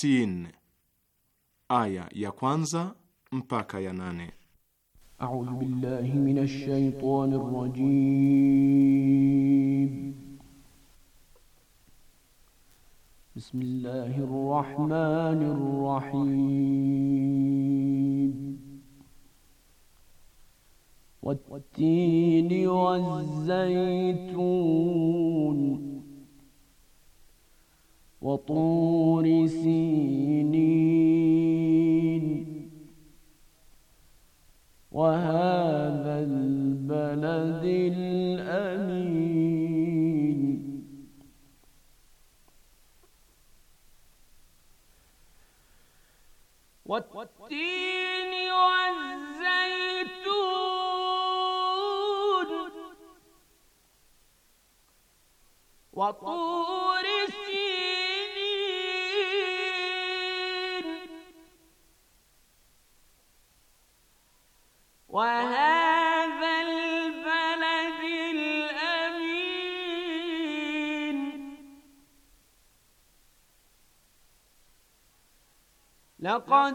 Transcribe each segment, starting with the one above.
sittin, aya ya kwanza mpaka ya nane. A'udhu billahi minash shaitani rrajim. Bismillahir rahmanir rahim. والتين والزيتون طور سينين وهذا البلد الأمين والتين لقد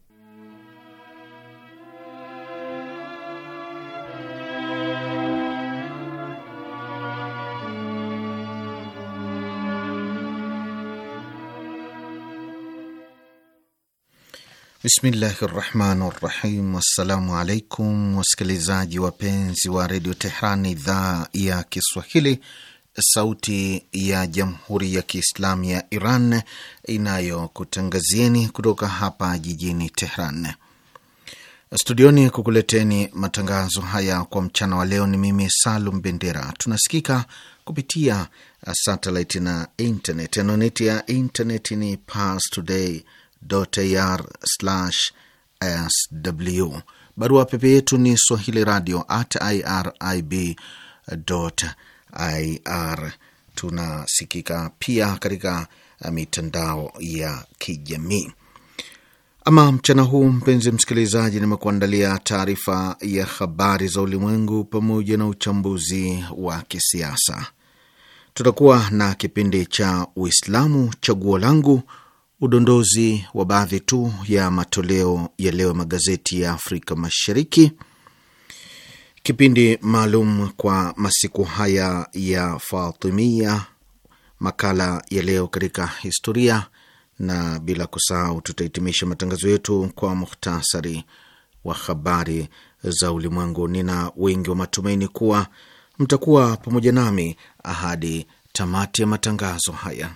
Bismillahi rahmani rahim. Assalamu alaikum wasikilizaji wapenzi wa redio Tehran, idhaa ya Kiswahili, sauti ya jamhuri ya kiislamu ya Iran inayokutangazieni kutoka hapa jijini Tehran studioni kukuleteni matangazo haya kwa mchana wa leo. Ni mimi Salum Bendera. Tunasikika kupitia satelit na internet. Anoneti ya internet ni Pars Today ir/sw. Barua pepe yetu ni swahili radio at irib ir. Tunasikika pia katika uh, mitandao ya kijamii. Ama mchana huu, mpenzi msikilizaji, nimekuandalia taarifa ya habari za ulimwengu pamoja na uchambuzi wa kisiasa. Tutakuwa na kipindi cha Uislamu chaguo langu udondozi wa baadhi tu ya matoleo ya leo magazeti ya Afrika Mashariki, kipindi maalum kwa masiku haya ya Fatimia, makala ya leo katika historia, na bila kusahau tutahitimisha matangazo yetu kwa muhtasari wa habari za ulimwengu. Nina wengi wa matumaini kuwa mtakuwa pamoja nami ahadi tamati ya matangazo haya.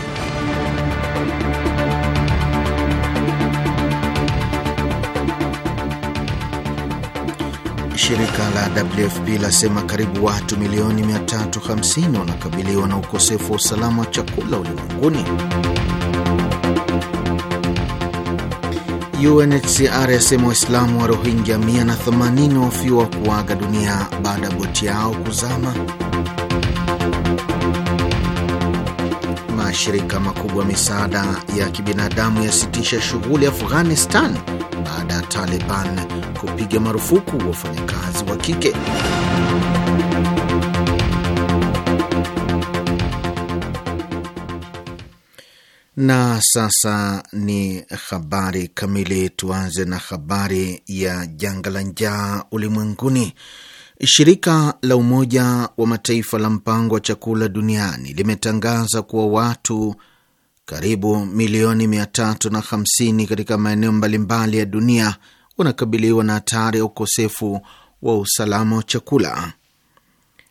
shirika la WFP lasema karibu watu milioni 350 wanakabiliwa na ukosefu wa usalama wa chakula ulimwenguni. UNHCR yasema Waislamu wa Rohingya 180 wafiwa kuaga dunia baada ya boti yao kuzama. Mashirika makubwa misaada ya kibinadamu yasitisha shughuli Afghanistan baada ya Taliban kupiga marufuku wafanyakazi wa kike. Na sasa ni habari kamili. Tuanze na habari ya janga la njaa ulimwenguni. Shirika la Umoja wa Mataifa la Mpango wa Chakula Duniani limetangaza kuwa watu karibu milioni 350 katika maeneo mbalimbali ya dunia wanakabiliwa na hatari ya ukosefu wa usalama wa chakula.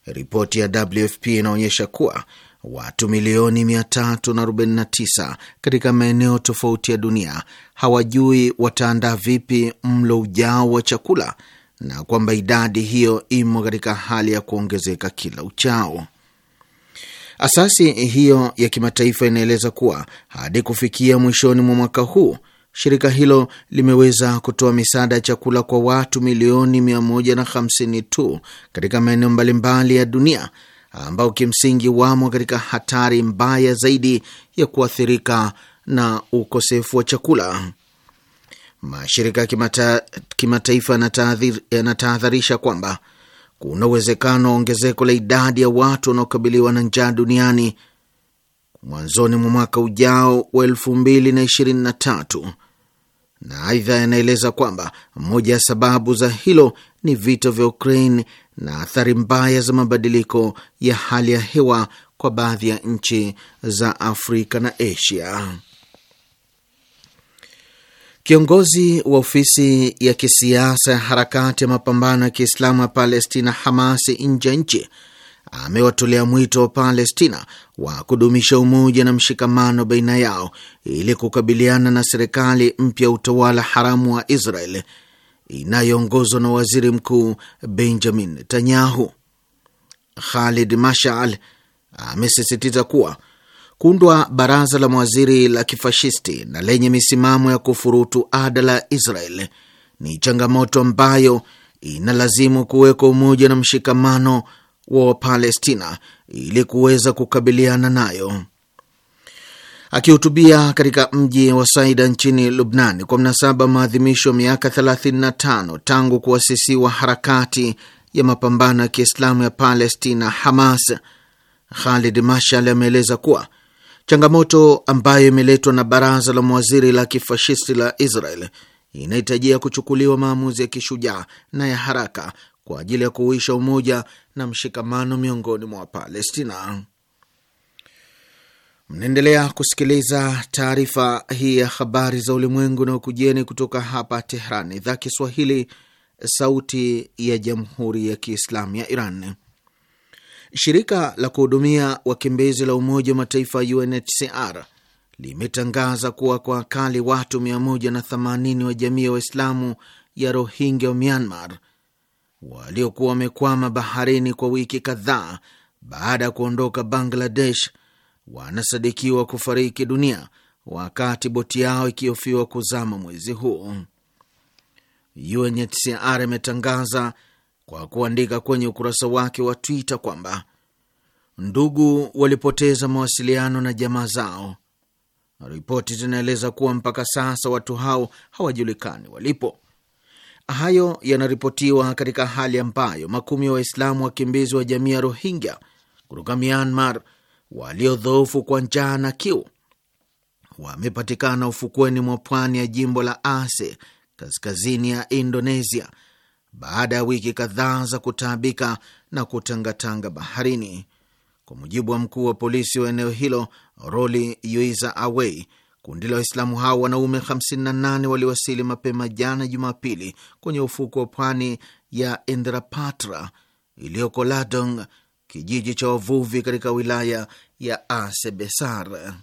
Ripoti ya WFP inaonyesha kuwa watu milioni 349 katika maeneo tofauti ya dunia hawajui wataandaa vipi mlo ujao wa chakula na kwamba idadi hiyo imo katika hali ya kuongezeka kila uchao. Asasi hiyo ya kimataifa inaeleza kuwa hadi kufikia mwishoni mwa mwaka huu shirika hilo limeweza kutoa misaada ya chakula kwa watu milioni 150 tu katika maeneo mbalimbali ya dunia ambao kimsingi wamo katika hatari mbaya zaidi ya kuathirika na ukosefu wa chakula. Mashirika kimata, kimataifa yanatahadharisha kwamba kuna uwezekano wa ongezeko la idadi ya watu wanaokabiliwa na njaa duniani mwanzoni mwa mwaka ujao wa elfu mbili na ishirini na tatu. Na aidha yanaeleza kwamba moja ya sababu za hilo ni vita vya Ukraine na athari mbaya za mabadiliko ya hali ya hewa kwa baadhi ya nchi za Afrika na Asia. Kiongozi wa ofisi ya kisiasa ya harakati ya mapambano ya Kiislamu ya Palestina, Hamasi, nje ya nchi amewatolea mwito wa Palestina wa kudumisha umoja na mshikamano baina yao ili kukabiliana na serikali mpya ya utawala haramu wa Israel inayoongozwa na waziri mkuu Benjamin Netanyahu. Khalid Mashal amesisitiza kuwa kuundwa baraza la mawaziri la kifashisti na lenye misimamo ya kufurutu ada la Israel ni changamoto ambayo inalazimu kuwekwa umoja na mshikamano wa Wapalestina ili kuweza kukabiliana nayo. Akihutubia katika mji wa Saida nchini lubnan kwa mnasaba maadhimisho miaka 35 tangu kuasisiwa harakati ya mapambano ya Kiislamu ya Palestina, Hamas, Khalid Mashal ameeleza kuwa changamoto ambayo imeletwa na baraza la mawaziri la kifashisti la Israel inahitajia kuchukuliwa maamuzi ya kishujaa na ya haraka kwa ajili ya kuuisha umoja na mshikamano miongoni mwa Palestina. Mnaendelea kusikiliza taarifa hii ya habari za ulimwengu na ukujeni kutoka hapa Tehran, idhaa Kiswahili, sauti ya jamhuri ya kiislamu ya Iran. Shirika la kuhudumia wakimbizi la Umoja wa Mataifa UNHCR limetangaza kuwa kwa akali watu 180 wa jamii ya Waislamu ya Rohingya wa Myanmar waliokuwa wamekwama baharini kwa wiki kadhaa baada ya kuondoka Bangladesh wanasadikiwa kufariki dunia wakati boti yao ikihofiwa kuzama mwezi huu. UNHCR imetangaza kwa kuandika kwenye ukurasa wake wa Twitter kwamba ndugu walipoteza mawasiliano na jamaa zao. Ripoti zinaeleza kuwa mpaka sasa watu hao hawajulikani walipo. Hayo yanaripotiwa katika hali ambayo makumi ya Waislamu wakimbizi wa jamii ya Rohingya kutoka Myanmar waliodhoofu kwa njaa na kiu wamepatikana ufukweni mwa pwani ya jimbo la Aceh kaskazini ya Indonesia baada ya wiki kadhaa za kutaabika na kutangatanga baharini. Kwa mujibu wa mkuu wa polisi wa eneo hilo Roli Yuiza Away, Kundi la Waislamu hao wanaume 58 waliwasili mapema jana Jumapili kwenye ufuko wa pwani ya Endrapatra iliyoko Ladong, kijiji cha wavuvi katika wilaya ya Asebesar.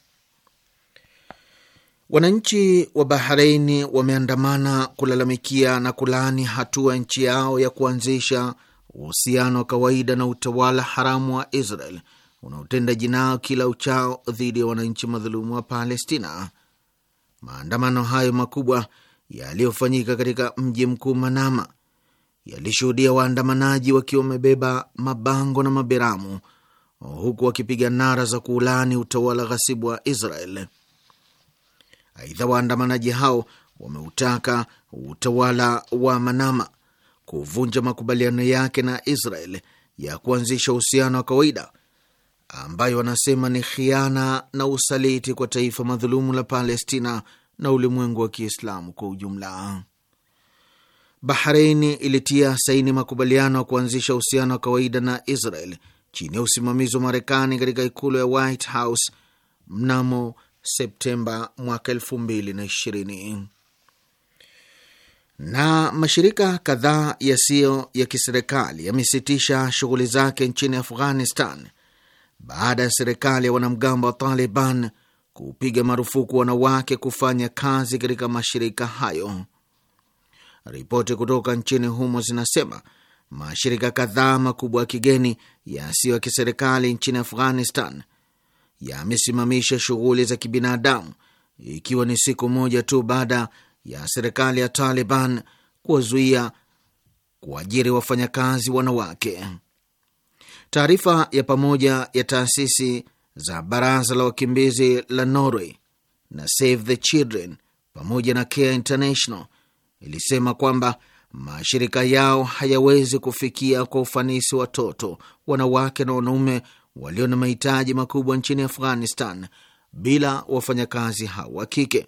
Wananchi wa Bahreini wameandamana kulalamikia na kulaani hatua nchi yao ya kuanzisha uhusiano wa kawaida na utawala haramu wa Israel unaotenda jinao kila uchao dhidi ya wananchi madhulumu wa Palestina. Maandamano hayo makubwa yaliyofanyika katika mji mkuu Manama yalishuhudia waandamanaji wakiwa wamebeba mabango na maberamu huku wakipiga nara za kuulani utawala ghasibu wa Israel. Aidha, waandamanaji hao wameutaka utawala wa Manama kuvunja makubaliano yake na Israel ya kuanzisha uhusiano wa kawaida ambayo wanasema ni khiana na usaliti kwa taifa madhulumu la Palestina na ulimwengu wa Kiislamu kwa ujumla. Bahrein ilitia saini makubaliano ya kuanzisha uhusiano wa kawaida na Israel chini ya usimamizi wa Marekani katika ikulu ya White House mnamo Septemba mwaka elfu mbili na ishirini na mashirika kadhaa yasiyo ya kiserikali yamesitisha shughuli zake nchini Afghanistan baada ya serikali ya wanamgambo wa Taliban kupiga marufuku wanawake kufanya kazi katika mashirika hayo. Ripoti kutoka nchini humo zinasema mashirika kadhaa makubwa ya kigeni yasiyo ya kiserikali nchini Afghanistan yamesimamisha shughuli za kibinadamu ikiwa ni siku moja tu baada ya serikali ya Taliban kuwazuia kuajiri wafanyakazi wanawake. Taarifa ya pamoja ya taasisi za Baraza la Wakimbizi la Norway na Save the Children pamoja na Care International ilisema kwamba mashirika yao hayawezi kufikia kwa ufanisi watoto, wanawake na wanaume walio na mahitaji makubwa nchini Afghanistan bila wafanyakazi hao wa kike.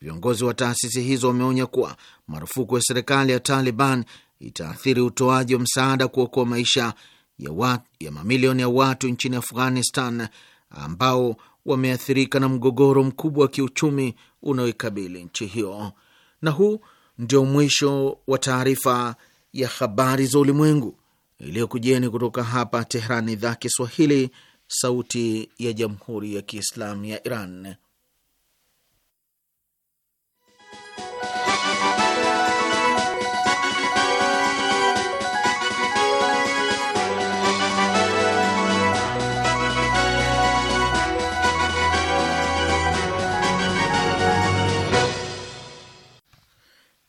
Viongozi wa taasisi hizo wameonya kuwa marufuku ya serikali ya Taliban itaathiri utoaji wa msaada kuokoa maisha ya, ya mamilioni ya watu nchini Afghanistan ambao wameathirika na mgogoro mkubwa wa kiuchumi unaoikabili nchi hiyo. Na huu ndio mwisho wa taarifa ya habari za ulimwengu iliyokujieni kutoka hapa Tehrani, idhaa Kiswahili, sauti ya jamhuri ya kiislamu ya Iran.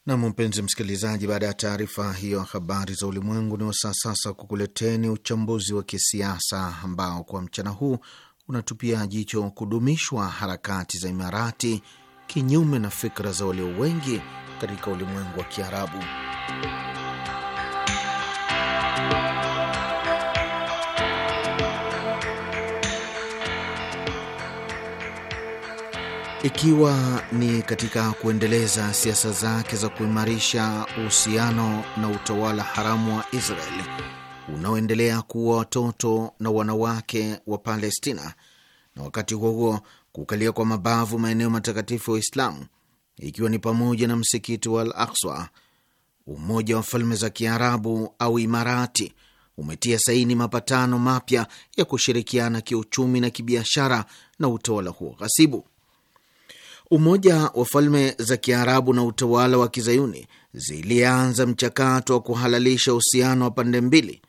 Nam, mpenzi msikilizaji, baada ya taarifa hiyo habari za ulimwengu, ni wasaa sasa kukuleteni uchambuzi wa kisiasa ambao kwa mchana huu unatupia jicho kudumishwa harakati za Imarati kinyume na fikra za walio wengi katika ulimwengu wa Kiarabu. ikiwa ni katika kuendeleza siasa zake za kuimarisha uhusiano na utawala haramu wa Israel unaoendelea kuwa watoto na wanawake wa Palestina na wakati huo huo kukalia kwa mabavu maeneo matakatifu ya Waislamu ikiwa ni pamoja na msikiti wa Al Akswa. Umoja wa Falme za Kiarabu au Imarati umetia saini mapatano mapya ya kushirikiana kiuchumi na kibiashara na utawala huo ghasibu. Umoja wa Falme za Kiarabu na utawala wa kizayuni zilianza mchakato wa kuhalalisha uhusiano wa pande mbili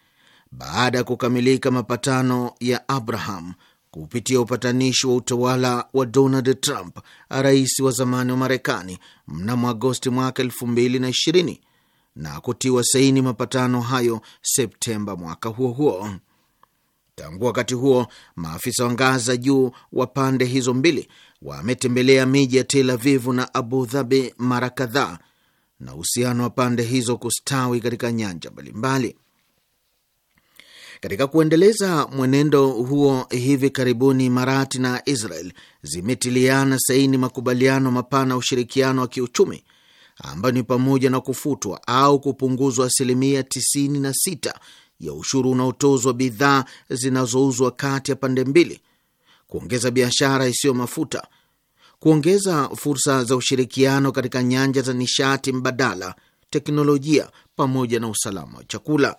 baada ya kukamilika mapatano ya Abraham kupitia upatanishi wa utawala wa Donald Trump, rais wa zamani wa Marekani, mnamo Agosti mwaka 2020 na kutiwa saini mapatano hayo Septemba mwaka huo huo. Tangu wakati huo maafisa wa ngazi za juu wa pande hizo mbili wametembelea miji ya Tel Avivu na Abu Dhabi mara kadhaa, na uhusiano wa pande hizo kustawi katika nyanja mbalimbali. Katika kuendeleza mwenendo huo, hivi karibuni Imarati na Israel zimetiliana saini makubaliano mapana ya ushirikiano wa kiuchumi ambayo ni pamoja na kufutwa au kupunguzwa asilimia 96 ya ushuru unaotozwa bidhaa zinazouzwa kati ya pande mbili, kuongeza biashara isiyo mafuta, kuongeza fursa za ushirikiano katika nyanja za nishati mbadala, teknolojia, pamoja na usalama wa chakula.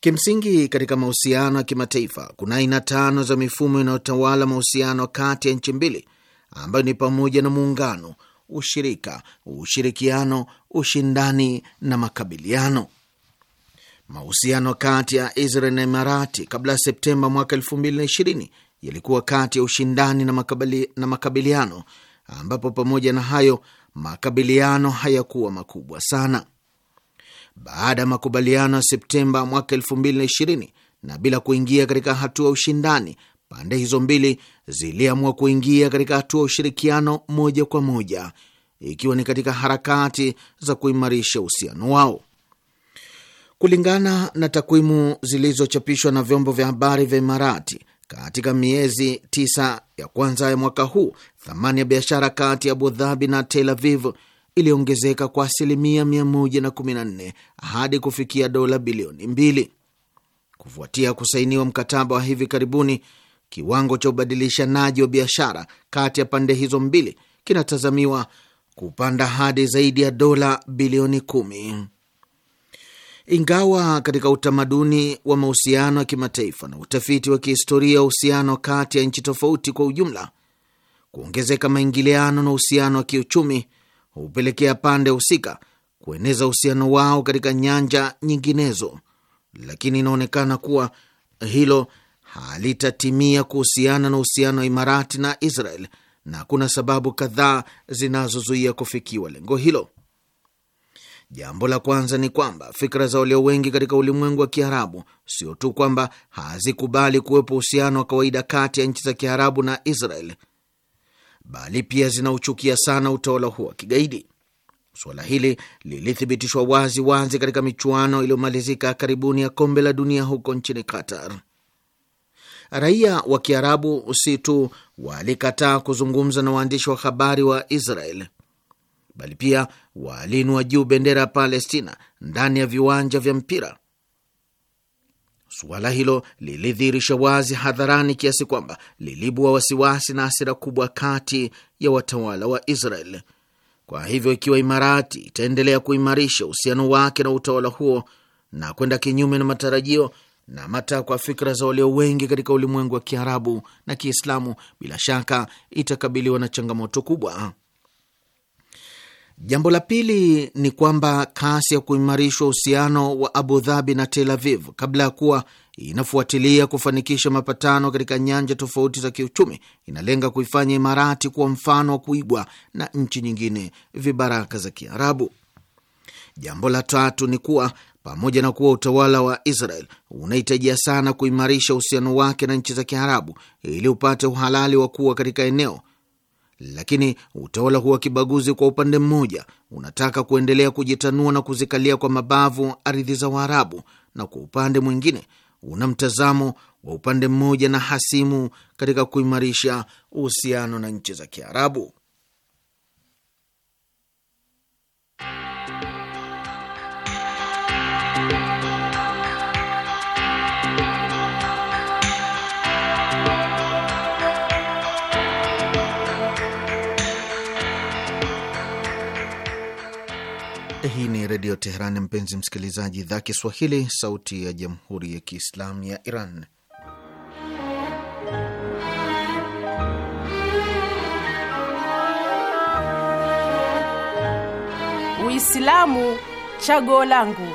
Kimsingi, katika mahusiano ya kimataifa kuna aina tano za mifumo inayotawala mahusiano kati ya nchi mbili, ambayo ni pamoja na muungano, ushirika, ushirikiano, ushindani na makabiliano. Mahusiano kati ya Israel na Imarati kabla ya Septemba mwaka elfu yalikuwa kati ya ushindani na, makabili, na makabiliano ambapo pamoja na hayo makabiliano hayakuwa makubwa sana. Baada ya makubaliano ya Septemba mwaka 220 na na bila kuingia katika hatua ya ushindani, pande hizo mbili ziliamua kuingia katika hatua ya ushirikiano moja kwa moja, ikiwa ni katika harakati za kuimarisha uhusiano wao. Kulingana na takwimu zilizochapishwa na vyombo vya habari vya Imarati, katika miezi tisa ya kwanza ya mwaka huu, thamani ya biashara kati ya Abu Dhabi na Tel Aviv iliongezeka kwa asilimia 114 hadi kufikia dola bilioni mbili. Kufuatia kusainiwa mkataba wa hivi karibuni, kiwango cha ubadilishanaji wa biashara kati ya pande hizo mbili kinatazamiwa kupanda hadi zaidi ya dola bilioni kumi. Ingawa katika utamaduni wa mahusiano ya kimataifa na utafiti wa kihistoria wa uhusiano kati ya nchi tofauti kwa ujumla, kuongezeka maingiliano na uhusiano wa kiuchumi hupelekea pande husika kueneza uhusiano wao katika nyanja nyinginezo, lakini inaonekana kuwa hilo halitatimia kuhusiana na uhusiano wa Imarati na Israel, na kuna sababu kadhaa zinazozuia kufikiwa lengo hilo. Jambo la kwanza ni kwamba fikra za walio wengi katika ulimwengu wa Kiarabu sio tu kwamba hazikubali kuwepo uhusiano wa kawaida kati ya nchi za Kiarabu na Israel, bali pia zinauchukia sana utawala huo wa kigaidi. Suala hili lilithibitishwa wazi wazi katika michuano iliyomalizika karibuni ya kombe la dunia huko nchini Qatar. Raia wa Kiarabu si tu walikataa kuzungumza na waandishi wa habari wa Israel, bali pia waliinua juu bendera ya Palestina ndani ya viwanja vya mpira. Suala hilo lilidhihirisha wazi hadharani kiasi kwamba lilibua wasiwasi na hasira kubwa kati ya watawala wa Israel. Kwa hivyo, ikiwa Imarati itaendelea kuimarisha uhusiano wake na utawala huo na kwenda kinyume na matarajio na matakwa ya fikra za walio wengi katika ulimwengu wa Kiarabu na Kiislamu, bila shaka itakabiliwa na changamoto kubwa. Jambo la pili ni kwamba kasi ya kuimarishwa uhusiano wa Abu Dhabi na Tel Aviv kabla ya kuwa inafuatilia kufanikisha mapatano katika nyanja tofauti za kiuchumi inalenga kuifanya Imarati kuwa mfano wa kuigwa na nchi nyingine vibaraka za Kiarabu. Jambo la tatu ni kuwa pamoja na kuwa utawala wa Israel unahitajia sana kuimarisha uhusiano wake na nchi za Kiarabu ili upate uhalali wa kuwa katika eneo lakini utawala huo wa kibaguzi kwa upande mmoja unataka kuendelea kujitanua na kuzikalia kwa mabavu ardhi za Waarabu, na kwa upande mwingine una mtazamo wa upande mmoja na hasimu katika kuimarisha uhusiano na nchi za Kiarabu. Hii ni Redio Teheran, mpenzi msikilizaji, idhaa Kiswahili, sauti ya jamhuri ya kiislamu ya Iran. Uislamu chaguo langu.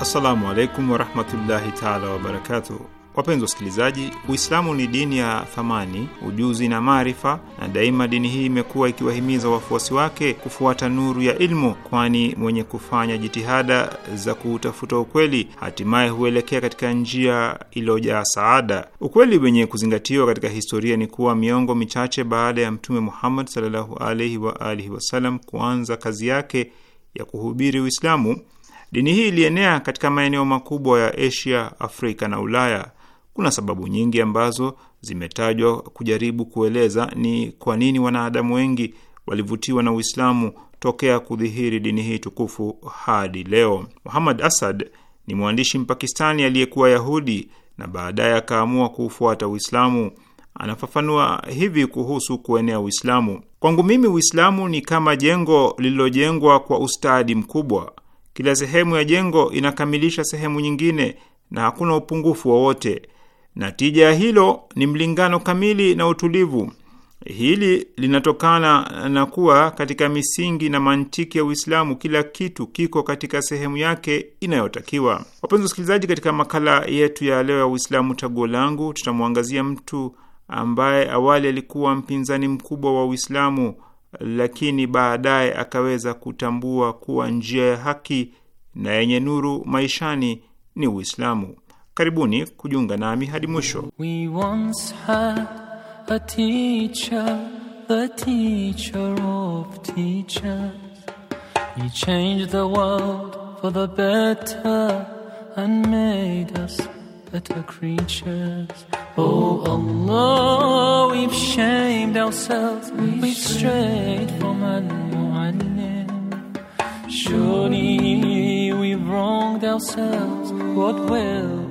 Assalamu alaikum warahmatullahi taala wabarakatuh. Wapenzi wasikilizaji, Uislamu ni dini ya thamani, ujuzi na maarifa, na daima dini hii imekuwa ikiwahimiza wafuasi wake kufuata nuru ya ilmu, kwani mwenye kufanya jitihada za kuutafuta ukweli hatimaye huelekea katika njia iliyojaa saada. Ukweli wenye kuzingatiwa katika historia ni kuwa miongo michache baada ya Mtume Muhammad sallallahu alaihi wa alihi wasallam kuanza kazi yake ya kuhubiri Uislamu, dini hii ilienea katika maeneo makubwa ya Asia, Afrika na Ulaya. Kuna sababu nyingi ambazo zimetajwa kujaribu kueleza ni kwa nini wanadamu wengi walivutiwa na Uislamu tokea kudhihiri dini hii tukufu hadi leo. Muhammad Asad ni mwandishi Mpakistani aliyekuwa Yahudi na baadaye akaamua kuufuata Uislamu. Anafafanua hivi kuhusu kuenea Uislamu: kwangu mimi Uislamu ni kama jengo lililojengwa kwa ustadi mkubwa. Kila sehemu ya jengo inakamilisha sehemu nyingine na hakuna upungufu wowote na tija ya hilo ni mlingano kamili na utulivu. Hili linatokana na kuwa katika misingi na mantiki ya Uislamu kila kitu kiko katika sehemu yake inayotakiwa. Wapenzi wasikilizaji, katika makala yetu ya leo ya Uislamu chaguo langu, tutamwangazia mtu ambaye awali alikuwa mpinzani mkubwa wa Uislamu, lakini baadaye akaweza kutambua kuwa njia ya haki na yenye nuru maishani ni Uislamu. We once had a teacher, a teacher of teachers. He changed the world for the better and made us better creatures. Oh Allah, we've shamed ourselves, we've strayed from Al-Mu'allim. Surely we've wronged ourselves, what will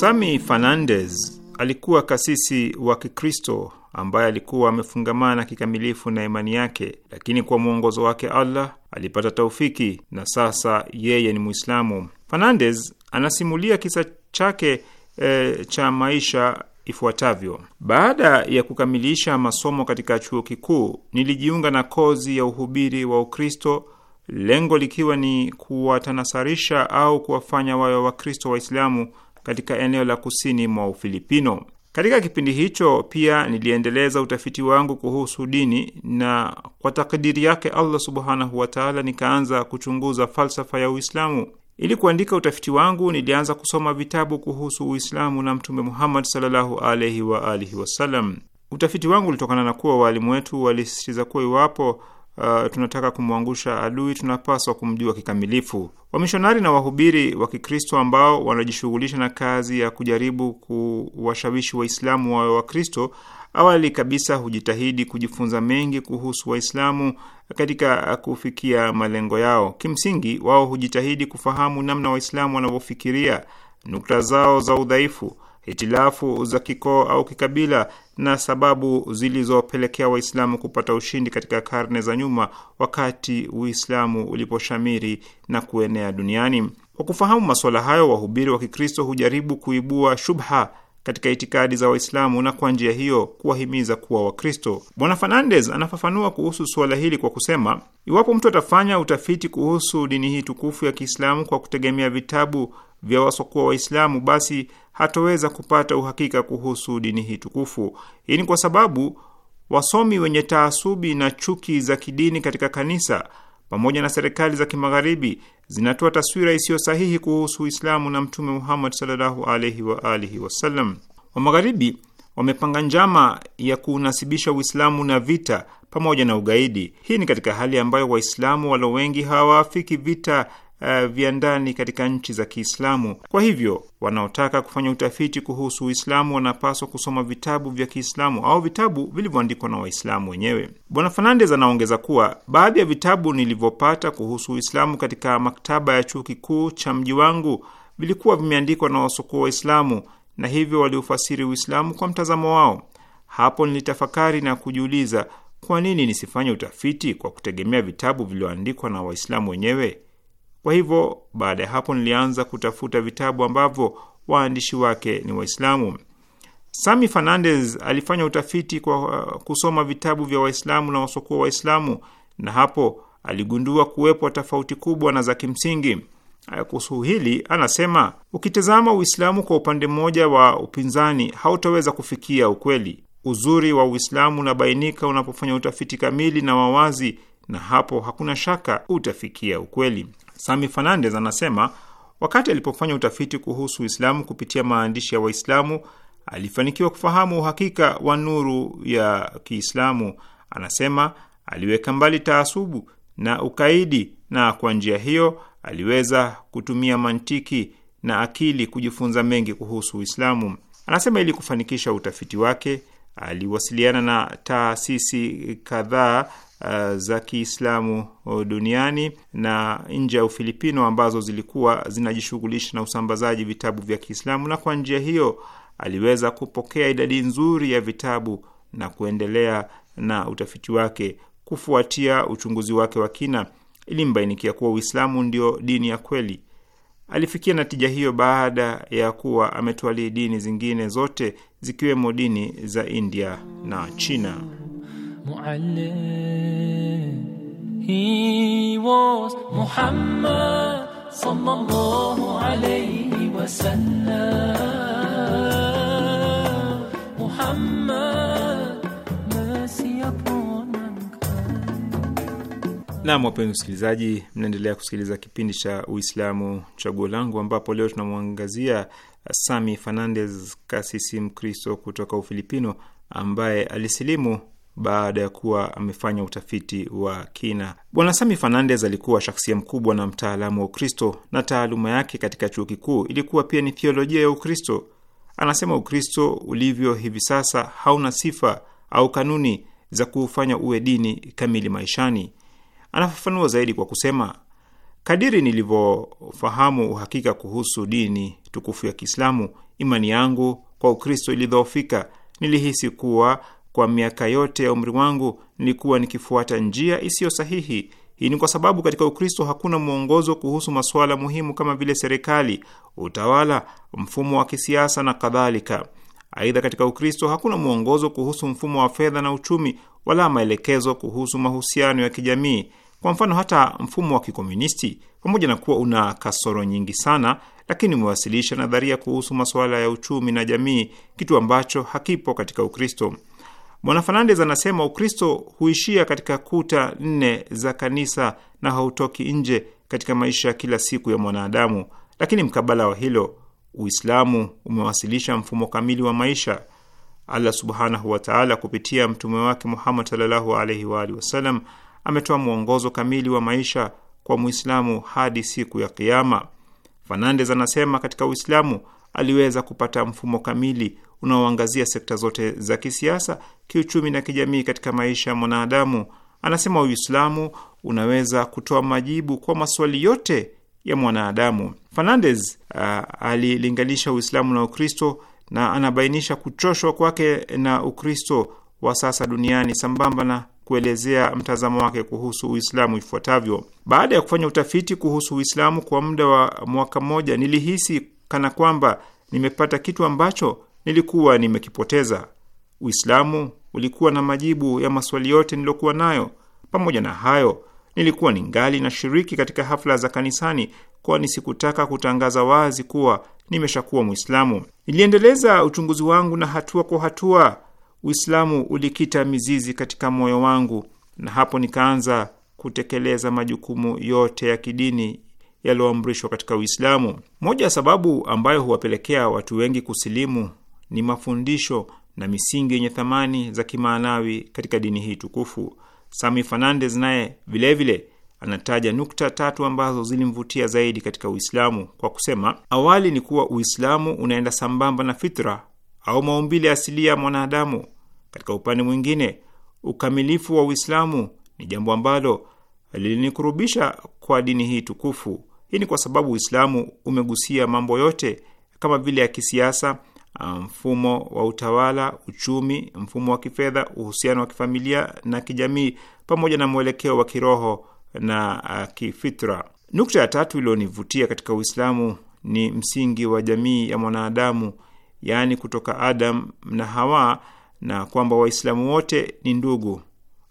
Sami Fernandez alikuwa kasisi wa Kikristo ambaye alikuwa amefungamana kikamilifu na imani yake, lakini kwa mwongozo wake Allah alipata taufiki na sasa yeye ni Mwislamu. Fernandez anasimulia kisa chake e, cha maisha ifuatavyo. Baada ya kukamilisha masomo katika chuo kikuu, nilijiunga na kozi ya uhubiri wa Ukristo lengo likiwa ni kuwatanasarisha au kuwafanya wawe Wakristo Waislamu katika eneo la kusini mwa Ufilipino. Katika kipindi hicho pia niliendeleza utafiti wangu kuhusu dini, na kwa takdiri yake Allah subhanahu wataala, nikaanza kuchunguza falsafa ya Uislamu. Ili kuandika utafiti wangu, nilianza kusoma vitabu kuhusu Uislamu na Mtume Muhammad sallallahu alaihi wa alihi wasallam. Utafiti wangu ulitokana na kuwa waalimu wetu walisisitiza kuwa iwapo uh, tunataka kumwangusha adui, tunapaswa kumjua kikamilifu. Wamishonari na wahubiri wa Kikristo ambao wanajishughulisha na kazi ya kujaribu kuwashawishi Waislamu wawe Wakristo awali kabisa hujitahidi kujifunza mengi kuhusu Waislamu katika kufikia malengo yao. Kimsingi, wao hujitahidi kufahamu namna Waislamu wanavyofikiria, nukta zao za udhaifu hitilafu za kikoo au kikabila na sababu zilizopelekea Waislamu kupata ushindi katika karne za nyuma wakati Uislamu uliposhamiri na kuenea duniani. Kwa kufahamu masuala hayo, wahubiri wa Kikristo hujaribu kuibua shubha katika itikadi za Waislamu na kwa njia hiyo kuwahimiza kuwa Wakristo. Bwana Fernandes anafafanua kuhusu suala hili kwa kusema, iwapo mtu atafanya utafiti kuhusu dini hii tukufu ya Kiislamu kwa kutegemea vitabu vya wasokuwa Waislamu, basi hatoweza kupata uhakika kuhusu dini hii tukufu. Hii ni kwa sababu wasomi wenye taasubi na chuki za kidini katika kanisa pamoja na serikali za kimagharibi zinatoa taswira isiyo sahihi kuhusu Uislamu na Mtume Muhammad sallallahu alaihi wa alihi wasallam. Wa magharibi wamepanga njama ya kunasibisha Uislamu na vita pamoja na ugaidi. Hii ni katika hali ambayo Waislamu walo wengi hawaafiki vita uh, vya ndani katika nchi za Kiislamu. Kwa hivyo wanaotaka kufanya utafiti kuhusu Uislamu wanapaswa kusoma vitabu vya Kiislamu au vitabu vilivyoandikwa na Waislamu wenyewe. Bwana Fernandes anaongeza kuwa baadhi ya vitabu nilivyopata kuhusu Uislamu katika maktaba ya chuo kikuu cha mji wangu vilikuwa vimeandikwa na wasokuwa Waislamu na hivyo waliufasiri Uislamu kwa mtazamo wao. Hapo nilitafakari na kujiuliza, kwa nini nisifanye utafiti kwa kutegemea vitabu vilivyoandikwa na Waislamu wenyewe? Kwa hivyo baada ya hapo nilianza kutafuta vitabu ambavyo waandishi wake ni Waislamu. Sami Fernandez alifanya utafiti kwa uh, kusoma vitabu vya Waislamu na wasokuwa Waislamu, na hapo aligundua kuwepo tofauti kubwa na za kimsingi. Kuhusu hili anasema, ukitazama Uislamu kwa upande mmoja wa upinzani, hautaweza kufikia ukweli. Uzuri wa Uislamu unabainika unapofanya utafiti kamili na wawazi, na hapo hakuna shaka utafikia ukweli. Sami Fernandez anasema wakati alipofanya utafiti kuhusu Uislamu kupitia maandishi ya Waislamu alifanikiwa kufahamu uhakika wa nuru ya Kiislamu. Anasema aliweka mbali taasubu na ukaidi, na kwa njia hiyo aliweza kutumia mantiki na akili kujifunza mengi kuhusu Uislamu. Anasema ili kufanikisha utafiti wake aliwasiliana na taasisi kadhaa uh, za Kiislamu uh, duniani na nje ya Ufilipino ambazo zilikuwa zinajishughulisha na usambazaji vitabu vya Kiislamu, na kwa njia hiyo aliweza kupokea idadi nzuri ya vitabu na kuendelea na utafiti wake. Kufuatia uchunguzi wake wa kina, ilimbainikia kuwa Uislamu ndio dini ya kweli. Alifikia natija hiyo baada ya kuwa ametwalii dini zingine zote zikiwemo dini za India na China. He was Muhammad sallallahu alayhi Muhammad mercy upon Nam, wapenzi msikilizaji, mnaendelea kusikiliza kipindi cha Uislamu Chaguo Langu, ambapo leo tunamwangazia Sami Fernandez, kasisi Mkristo kutoka Ufilipino ambaye alisilimu baada ya kuwa amefanya utafiti wa kina. Bwana Sami Fernandez alikuwa shaksia mkubwa na mtaalamu wa Ukristo na taaluma yake katika chuo kikuu ilikuwa pia ni thiolojia ya Ukristo. Anasema Ukristo ulivyo hivi sasa hauna sifa au kanuni za kuufanya uwe dini kamili maishani. Anafafanua zaidi kwa kusema, kadiri nilivyofahamu uhakika kuhusu dini tukufu ya Kiislamu, imani yangu kwa Ukristo ilidhoofika. Nilihisi kuwa kwa miaka yote ya umri wangu nilikuwa nikifuata njia isiyo sahihi. Hii ni kwa sababu katika Ukristo hakuna mwongozo kuhusu masuala muhimu kama vile serikali, utawala, mfumo wa kisiasa na kadhalika. Aidha, katika Ukristo hakuna mwongozo kuhusu mfumo wa fedha na uchumi, wala maelekezo kuhusu mahusiano ya kijamii. Kwa mfano, hata mfumo wa kikomunisti, pamoja na kuwa una kasoro nyingi sana, lakini umewasilisha nadharia kuhusu masuala ya uchumi na jamii, kitu ambacho hakipo katika Ukristo. Mwana Fernandes anasema Ukristo huishia katika kuta nne za kanisa na hautoki nje katika maisha ya kila siku ya mwanadamu, lakini mkabala wa hilo Uislamu umewasilisha mfumo kamili wa maisha. Allah subhanahu wataala kupitia mtume wake Muhammad sallallahu alaihi wa alihi wasallam ametoa mwongozo kamili wa maisha kwa Muislamu hadi siku ya Kiama. Fernandes anasema katika Uislamu aliweza kupata mfumo kamili unaoangazia sekta zote za kisiasa, kiuchumi na kijamii katika maisha ya mwanadamu. Anasema Uislamu unaweza kutoa majibu kwa maswali yote ya mwanadamu. Fernandez uh, alilinganisha Uislamu na Ukristo na anabainisha kuchoshwa kwake na Ukristo wa sasa duniani sambamba na kuelezea mtazamo wake kuhusu Uislamu ifuatavyo: baada ya kufanya utafiti kuhusu Uislamu kwa muda wa mwaka mmoja, nilihisi kana kwamba nimepata kitu ambacho nilikuwa nimekipoteza. Uislamu ulikuwa na majibu ya maswali yote niliyokuwa nayo. Pamoja na hayo, nilikuwa ningali na shiriki katika hafla za kanisani, kwani sikutaka kutangaza wazi kuwa nimeshakuwa Mwislamu. Niliendeleza uchunguzi wangu na hatua kwa hatua Uislamu ulikita mizizi katika moyo wangu, na hapo nikaanza kutekeleza majukumu yote ya kidini yaliyoamrishwa katika Uislamu. Moja ya sababu ambayo huwapelekea watu wengi kusilimu ni mafundisho na misingi yenye thamani za kimaanawi katika dini hii tukufu. Sami Fernandez naye vilevile anataja nukta tatu ambazo zilimvutia zaidi katika Uislamu kwa kusema, awali ni kuwa Uislamu unaenda sambamba na fitra au maumbile asilia ya mwanadamu. Katika upande mwingine, ukamilifu wa Uislamu ni jambo ambalo lilinikurubisha kwa dini hii tukufu. Hii ni kwa sababu Uislamu umegusia mambo yote kama vile ya kisiasa Ah, mfumo wa utawala, uchumi, mfumo wa kifedha, uhusiano wa kifamilia na kijamii, pamoja na mwelekeo wa kiroho na ah, kifitra. Nukta ya tatu iliyonivutia katika Uislamu ni msingi wa jamii ya mwanadamu, yaani kutoka Adam na Hawa, na kwamba Waislamu wote ni ndugu.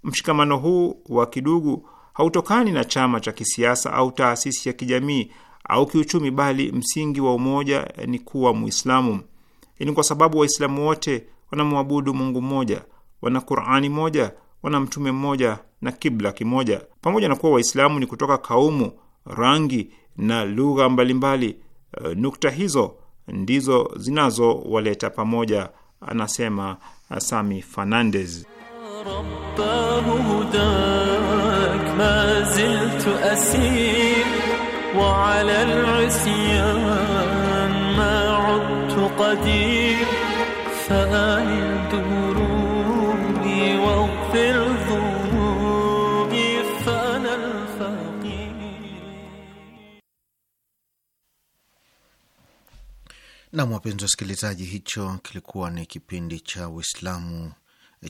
Mshikamano huu wa kidugu hautokani na chama cha kisiasa au taasisi ya kijamii au kiuchumi, bali msingi wa umoja ni kuwa Muislamu. Hii ni kwa sababu Waislamu wote wanamwabudu Mungu mmoja, wana Qurani moja, wana mtume mmoja na kibla kimoja. Pamoja na kuwa Waislamu ni kutoka kaumu, rangi na lugha mbalimbali, eh, nukta hizo ndizo zinazowaleta pamoja, anasema eh, Sami Fernandez. قدير فآل دروبي واغفر ذنوبي فأنا الفقير. Nam, wapenzi wasikilizaji, hicho kilikuwa ni kipindi cha Uislamu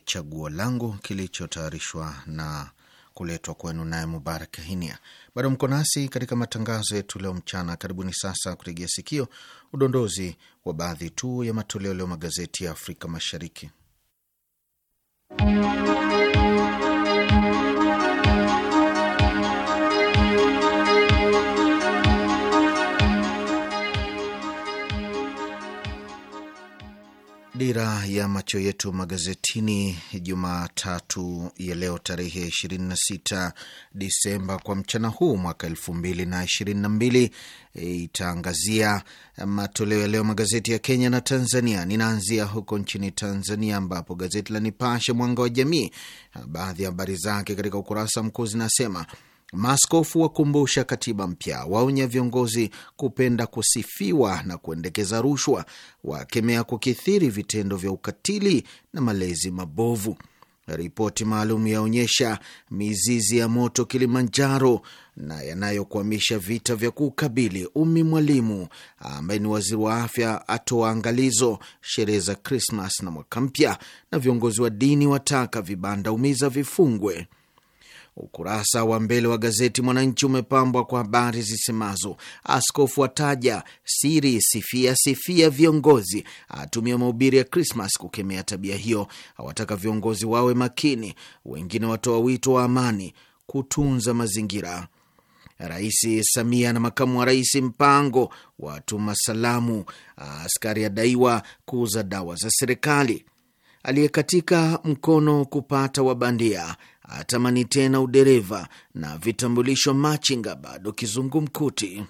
Chaguo Langu kilichotayarishwa na kuletwa kwenu naye Mubarak Hinia. Bado mko nasi katika matangazo yetu leo mchana. Karibuni sasa kutegea sikio udondozi wa baadhi tu ya matoleo leo magazeti ya Afrika Mashariki. Dira ya macho yetu magazetini Jumatatu ya leo tarehe 26 Disemba kwa mchana huu mwaka elfu mbili na ishirini na mbili e, itaangazia matoleo ya leo magazeti ya Kenya na Tanzania. Ninaanzia huko nchini Tanzania, ambapo gazeti la Nipashe Mwanga wa Jamii, baadhi ya habari zake katika ukurasa mkuu zinasema Maaskofu wakumbusha katiba mpya, waonya viongozi kupenda kusifiwa na kuendekeza rushwa, wakemea kukithiri vitendo vya ukatili na malezi mabovu. Ripoti maalum yaonyesha mizizi ya moto Kilimanjaro na yanayokwamisha vita vya kuukabili. Umi Mwalimu ambaye ni waziri wa afya atoa angalizo sherehe za Krismas na mwaka mpya, na viongozi wa dini wataka vibanda umiza vifungwe. Ukurasa wa mbele wa gazeti Mwananchi umepambwa kwa habari zisemazo: askofu ataja siri, sifia sifia viongozi, atumia mahubiri ya Krismas kukemea tabia hiyo, awataka viongozi wawe makini, wengine watoa wito wa amani, kutunza mazingira. Rais Samia na makamu wa rais Mpango watuma salamu. Askari adaiwa kuuza dawa za serikali, aliyekatika mkono kupata wabandia atamani tena udereva na vitambulisho machinga bado kizungumkuti.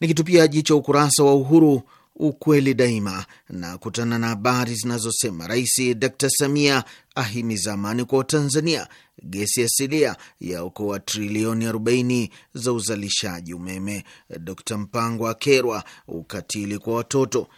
Nikitupia jicho ukurasa wa Uhuru ukweli daima na kutana na habari zinazosema Rais Dr Samia ahimiza amani kwa Watanzania, gesi asilia ya ukoa trilioni 40 za uzalishaji umeme, Dr Mpango akerwa ukatili kwa watoto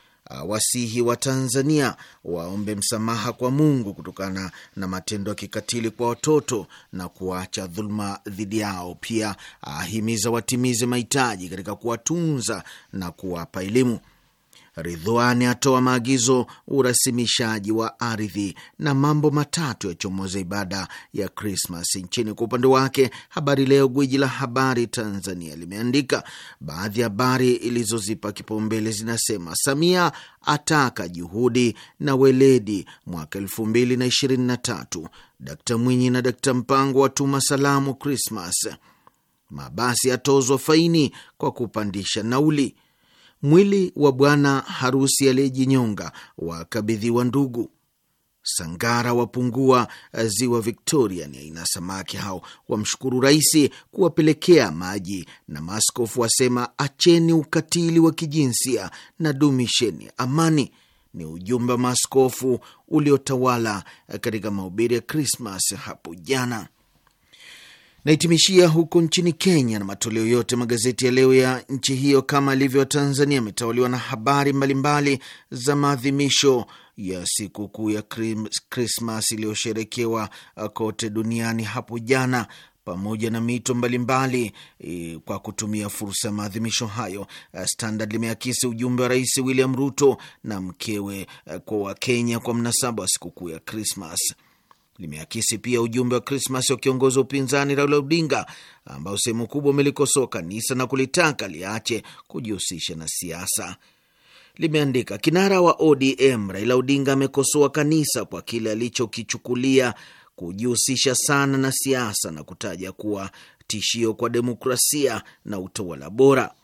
wasihi wa Tanzania waombe msamaha kwa Mungu kutokana na matendo ya kikatili kwa watoto na kuacha dhuluma dhidi yao. Pia ahimiza watimize mahitaji katika kuwatunza na kuwapa elimu. Ridhuani atoa maagizo urasimishaji wa ardhi, na mambo matatu yachomoza ibada ya Krismas nchini. Kwa upande wake, Habari Leo, gwiji la habari Tanzania, limeandika baadhi ya habari ilizozipa kipaumbele zinasema: Samia ataka juhudi na weledi mwaka elfu mbili na ishirini na tatu. Dkt Mwinyi na Dkt Mpango watuma salamu Krismas. Mabasi yatozwa faini kwa kupandisha nauli mwili wa bwana harusi aliyejinyonga wakabidhiwa ndugu. Sangara wapungua ziwa Victoria ni aina samaki hao. Wamshukuru rais kuwapelekea maji, na maaskofu wasema acheni ukatili wa kijinsia na dumisheni amani. Ni ujumbe wa maaskofu uliotawala katika mahubiri ya Krismas hapo jana naitimishia huko nchini Kenya, na matoleo yote magazeti ya leo ya nchi hiyo kama ilivyo Tanzania ametawaliwa na habari mbalimbali mbali za maadhimisho ya sikukuu ya Krismas iliyosherekewa kote duniani hapo jana pamoja na mito mbalimbali e, kwa kutumia fursa ya maadhimisho hayo, Standard limeakisi ujumbe wa Rais William Ruto na mkewe e, kwa Wakenya kwa mnasaba wa sikukuu ya Krismas limeakisi pia ujumbe wa Krismas wa kiongozi wa upinzani Raila Odinga, ambao sehemu kubwa umelikosoa kanisa na kulitaka liache kujihusisha na siasa. Limeandika, kinara wa ODM Raila Odinga amekosoa kanisa kwa kile alichokichukulia kujihusisha sana na siasa na kutaja kuwa tishio kwa demokrasia na utawala bora.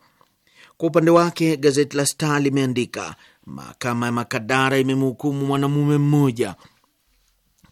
Kwa upande wake gazeti la Star limeandika mahakama ya Makadara imemhukumu mwanamume mmoja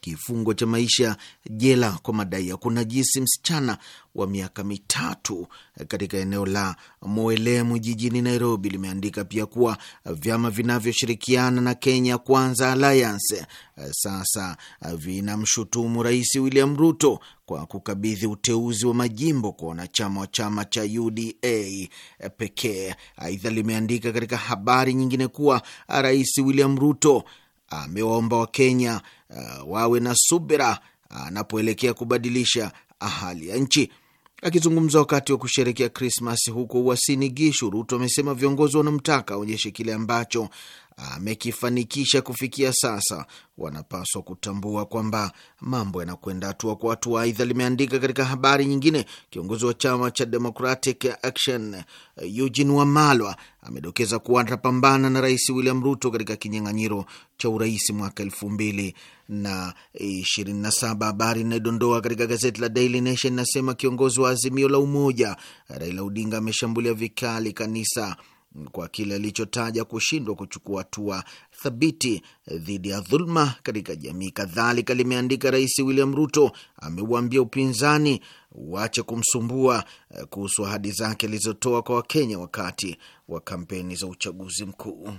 kifungo cha maisha jela kwa madai ya kunajisi msichana wa miaka mitatu katika eneo la Moelemu jijini Nairobi. Limeandika pia kuwa vyama vinavyoshirikiana na Kenya Kwanza Alliance eh, sasa eh, vinamshutumu Rais William Ruto kwa kukabidhi uteuzi wa majimbo kwa wanachama wa chama cha UDA eh, pekee. Aidha, limeandika katika habari nyingine kuwa Rais William Ruto amewaomba Wakenya uh, wawe na subira anapoelekea uh, kubadilisha hali ya nchi. Akizungumza wakati wa kusherekea Krismas huko Uasin Gishu, Ruto amesema viongozi wanamtaka aonyeshe kile ambacho amekifanikisha kufikia sasa. Wanapaswa kutambua kwamba mambo yanakwenda hatua kwa hatua. Aidha, limeandika katika habari nyingine, kiongozi wa chama cha Democratic Action Eugene Wamalwa amedokeza kuwa atapambana na Rais William Ruto katika kinyang'anyiro cha urais mwaka elfu mbili na 27. Habari inayodondoa katika gazeti la Daily Nation inasema kiongozi wa Azimio la Umoja Raila Odinga ameshambulia vikali kanisa kwa kile alichotaja kushindwa kuchukua hatua thabiti dhidi ya dhuluma katika jamii. Kadhalika limeandika Rais William Ruto ameuambia upinzani uache kumsumbua kuhusu ahadi zake alizotoa kwa Wakenya wakati wa kampeni za uchaguzi mkuu.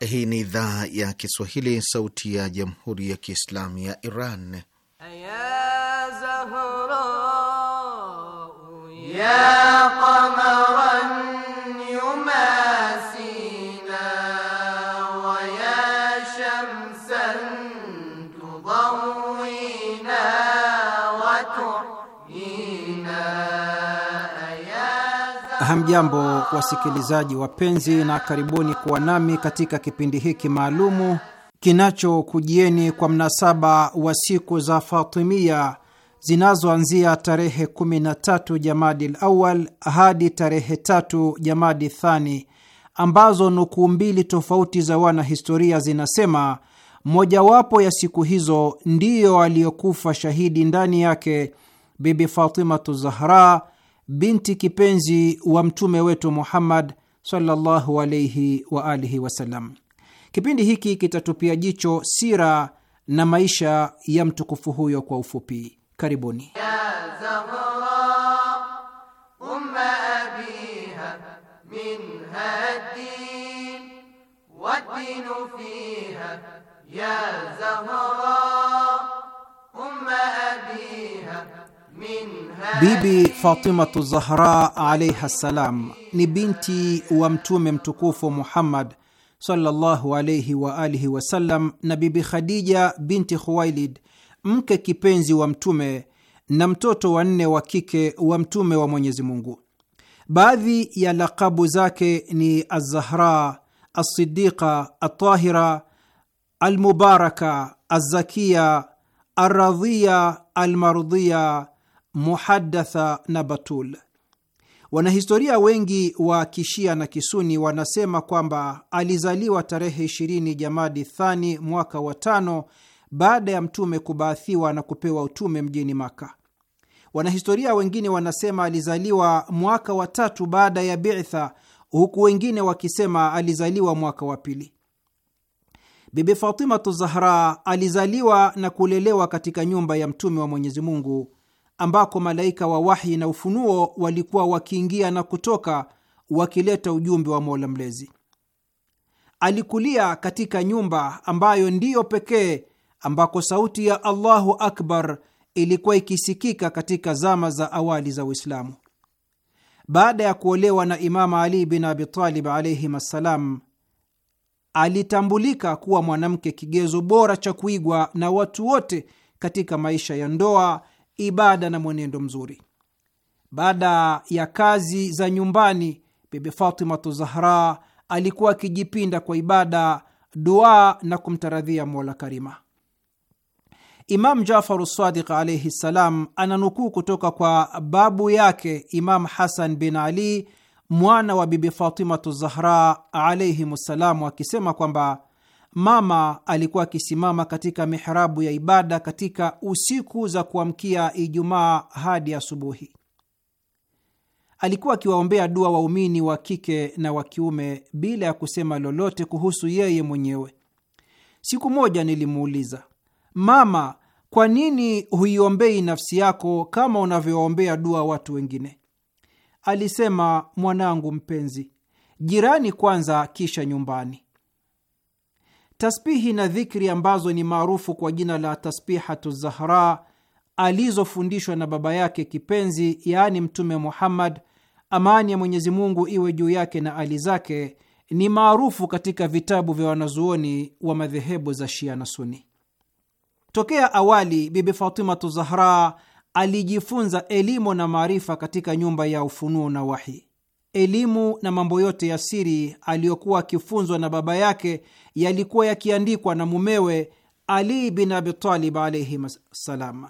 Hii ni idhaa ya Kiswahili, sauti ya jamhuri ya kiislamu ya Iran. Ya Zahra, ya Hamjambo, wasikilizaji wapenzi, na karibuni kuwa nami katika kipindi hiki maalumu kinachokujieni kwa mnasaba wa siku za Fatimia zinazoanzia tarehe 13 Jamadil Awal hadi tarehe tatu Jamadi Thani, ambazo nukuu mbili tofauti za wanahistoria zinasema mojawapo ya siku hizo ndiyo aliyokufa shahidi ndani yake Bibi Fatimatu Zahra binti kipenzi wa mtume wetu Muhammad sallallahu wa alihi wasallam. Kipindi hiki kitatupia jicho sira na maisha ya mtukufu huyo kwa ufupi. Karibuni ya umma abiha Bibi Fatimatu Zahra alaiha ssalam ni binti wa Mtume mtukufu Muhammad sallallahu alaihi wa alihi wasallam na Bibi Khadija binti Khuwailid, mke kipenzi wa Mtume na mtoto wanne wa kike wa Mtume wa Mwenyezi Mungu. Baadhi ya lakabu zake ni Azahra, Alsidiqa, Altahira, Almubaraka, Alzakiya, Alradhiya, Almardhiya, muhadatha na batul. Wanahistoria wengi wa kishia na kisuni wanasema kwamba alizaliwa tarehe 20 Jamadi Thani mwaka wa tano baada ya mtume kubaathiwa na kupewa utume mjini Maka. Wanahistoria wengine wanasema alizaliwa mwaka wa tatu baada ya bitha, huku wengine wakisema alizaliwa mwaka wa pili. Bibi Fatimatu Zahra alizaliwa na kulelewa katika nyumba ya mtume wa Mwenyezi Mungu ambako malaika wa wahi na ufunuo walikuwa wakiingia na kutoka wakileta ujumbe wa Mola Mlezi. Alikulia katika nyumba ambayo ndiyo pekee ambako sauti ya Allahu akbar ilikuwa ikisikika katika zama za awali za Uislamu. Baada ya kuolewa na imamu Ali bin Abitalib alaihim assalam, alitambulika kuwa mwanamke kigezo bora cha kuigwa na watu wote katika maisha ya ndoa ibada na mwenendo mzuri. Baada ya kazi za nyumbani, Bibi Fatimatu Zahra alikuwa akijipinda kwa ibada, dua na kumtaradhia Mola Karima. Imam Jafaru Sadiq alaihi ssalam ananukuu kutoka kwa babu yake Imam Hasan bin Ali mwana wa Bibi Fatimatu Zahra alaihim ssalamu akisema kwamba mama alikuwa akisimama katika mihrabu ya ibada katika usiku za kuamkia Ijumaa hadi asubuhi. Alikuwa akiwaombea dua waumini wa kike na wa kiume bila ya kusema lolote kuhusu yeye mwenyewe. Siku moja nilimuuliza, mama, kwa nini huiombei nafsi yako kama unavyowaombea dua watu wengine? Alisema, mwanangu mpenzi, jirani kwanza, kisha nyumbani. Tasbihi na dhikri ambazo ni maarufu kwa jina la tasbihatu Zahra alizofundishwa na baba yake kipenzi, yaani Mtume Muhammad, amani ya Mwenyezi Mungu iwe juu yake na ali zake, ni maarufu katika vitabu vya wanazuoni wa madhehebu za Shia na Suni. Tokea awali, Bibi Fatimatu Zahra alijifunza elimu na maarifa katika nyumba ya ufunuo na wahi elimu na mambo yote ya siri aliyokuwa akifunzwa na baba yake yalikuwa yakiandikwa na mumewe Ali bin Abitalib alaihi salam.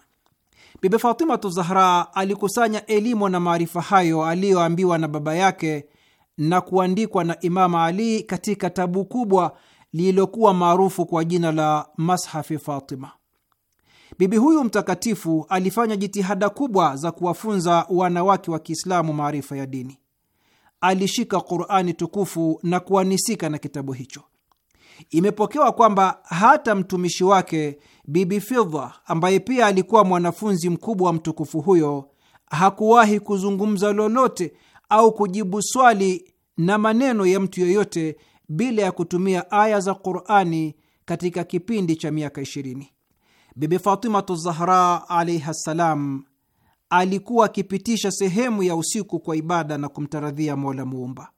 Bibi Fatimatu Zahra alikusanya elimu na maarifa hayo aliyoambiwa na baba yake na kuandikwa na Imama Ali katika tabu kubwa lililokuwa maarufu kwa jina la Mashafi Fatima. Bibi huyu mtakatifu alifanya jitihada kubwa za kuwafunza wanawake wa Kiislamu maarifa ya dini alishika Qurani tukufu na kuanisika na kitabu hicho. Imepokewa kwamba hata mtumishi wake Bibi Fidha, ambaye pia alikuwa mwanafunzi mkubwa wa mtukufu huyo, hakuwahi kuzungumza lolote au kujibu swali na maneno ya mtu yoyote bila ya kutumia aya za Qurani katika kipindi cha miaka 20. Bibi Fatimatu Zahra alaihi ssalam alikuwa akipitisha sehemu ya usiku kwa ibada na kumtaradhia Mola Muumba.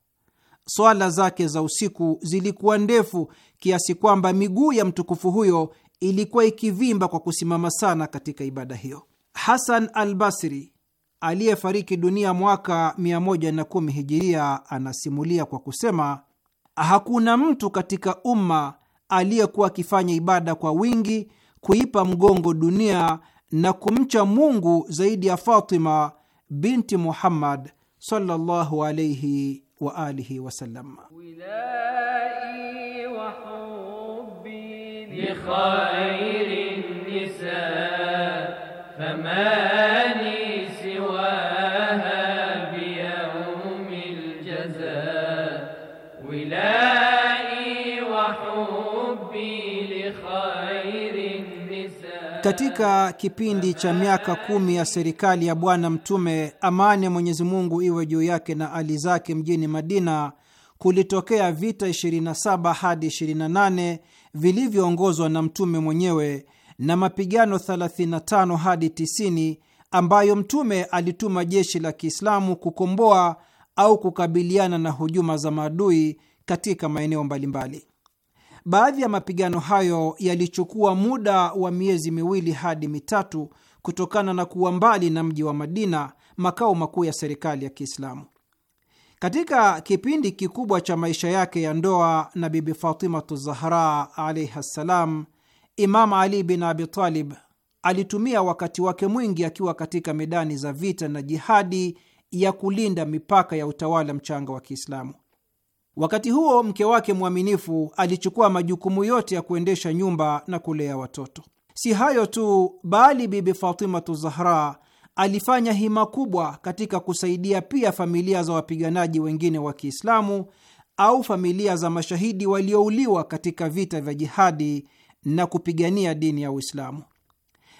Swala zake za usiku zilikuwa ndefu kiasi kwamba miguu ya mtukufu huyo ilikuwa ikivimba kwa kusimama sana katika ibada hiyo. Hasan al Basri aliyefariki dunia mwaka 110 hijiria anasimulia kwa kusema, hakuna mtu katika umma aliyekuwa akifanya ibada kwa wingi, kuipa mgongo dunia na kumcha Mungu zaidi ya Fatima binti Muhammad sallallahu alayhi wa alihi wasallam. لخير النساء فماني Katika kipindi cha miaka kumi ya serikali ya Bwana Mtume, amani ya Mwenyezi Mungu iwe juu yake na ali zake, mjini Madina kulitokea vita 27 hadi 28 vilivyoongozwa na Mtume mwenyewe na mapigano 35 hadi 90 ambayo Mtume alituma jeshi la Kiislamu kukomboa au kukabiliana na hujuma za maadui katika maeneo mbalimbali. Baadhi ya mapigano hayo yalichukua muda wa miezi miwili hadi mitatu kutokana na kuwa mbali na mji wa Madina, makao makuu ya serikali ya Kiislamu. Katika kipindi kikubwa cha maisha yake ya ndoa na Bibi Fatimatu Zahra alaihi ssalam, Imam Ali bin Abitalib alitumia wakati wake mwingi akiwa katika medani za vita na jihadi ya kulinda mipaka ya utawala mchanga wa Kiislamu. Wakati huo mke wake mwaminifu alichukua majukumu yote ya kuendesha nyumba na kulea watoto. Si hayo tu, bali Bibi Fatimatu Zahra alifanya hima kubwa katika kusaidia pia familia za wapiganaji wengine wa Kiislamu au familia za mashahidi waliouliwa katika vita vya jihadi na kupigania dini ya Uislamu.